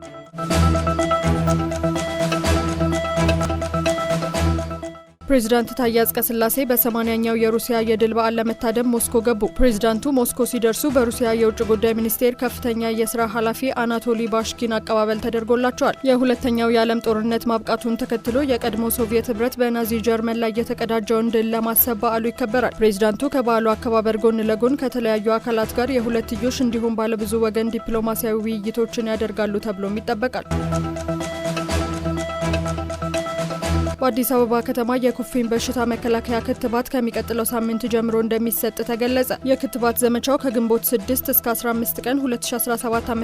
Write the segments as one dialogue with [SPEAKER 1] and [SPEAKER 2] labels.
[SPEAKER 1] you. ፕሬዚዳንት ታዬ አጽቀሥላሴ በሰማንያኛው የሩሲያ የድል በዓል ለመታደም ሞስኮ ገቡ። ፕሬዚዳንቱ ሞስኮ ሲደርሱ በሩሲያ የውጭ ጉዳይ ሚኒስቴር ከፍተኛ የስራ ኃላፊ አናቶሊ ባሽኪን አቀባበል ተደርጎላቸዋል። የሁለተኛው የዓለም ጦርነት ማብቃቱን ተከትሎ የቀድሞ ሶቪየት ህብረት በናዚ ጀርመን ላይ የተቀዳጀውን ድል ለማሰብ በዓሉ ይከበራል። ፕሬዚዳንቱ ከበዓሉ አከባበር ጎን ለጎን ከተለያዩ አካላት ጋር የሁለትዮሽ እንዲሁም ባለብዙ ወገን ዲፕሎማሲያዊ ውይይቶችን ያደርጋሉ ተብሎም ይጠበቃል። በአዲስ አበባ ከተማ የኩፍኝ በሽታ መከላከያ ክትባት ከሚቀጥለው ሳምንት ጀምሮ እንደሚሰጥ ተገለጸ። የክትባት ዘመቻው ከግንቦት 6 እስከ 15 ቀን 2017 ዓ ም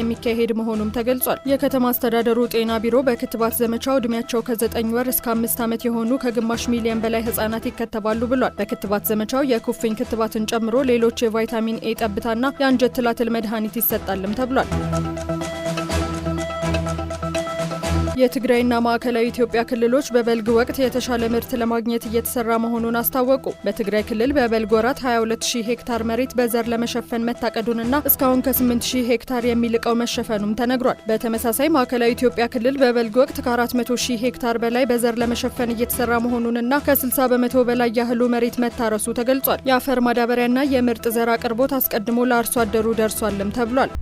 [SPEAKER 1] የሚካሄድ መሆኑም ተገልጿል። የከተማ አስተዳደሩ ጤና ቢሮ በክትባት ዘመቻው ዕድሜያቸው ከ9 ወር እስከ 5 ዓመት የሆኑ ከግማሽ ሚሊዮን በላይ ህጻናት ይከተባሉ ብሏል። በክትባት ዘመቻው የኩፍኝ ክትባትን ጨምሮ ሌሎች የቫይታሚን ኤ ጠብታና የአንጀት ትላትል መድኃኒት ይሰጣልም ተብሏል። የትግራይና ማዕከላዊ ኢትዮጵያ ክልሎች በበልግ ወቅት የተሻለ ምርት ለማግኘት እየተሰራ መሆኑን አስታወቁ። በትግራይ ክልል በበልግ ወራት 220 ሄክታር መሬት በዘር ለመሸፈን መታቀዱንና እስካሁን ከ8000 ሄክታር የሚልቀው መሸፈኑም ተነግሯል። በተመሳሳይ ማዕከላዊ ኢትዮጵያ ክልል በበልግ ወቅት ከ4000 ሄክታር በላይ በዘር ለመሸፈን እየተሰራ መሆኑንና ከ60 በመቶ በላይ ያህሉ መሬት መታረሱ ተገልጿል። የአፈር ማዳበሪያና የምርጥ ዘር አቅርቦት አስቀድሞ ለአርሶ አደሩ ደርሷልም ተብሏል።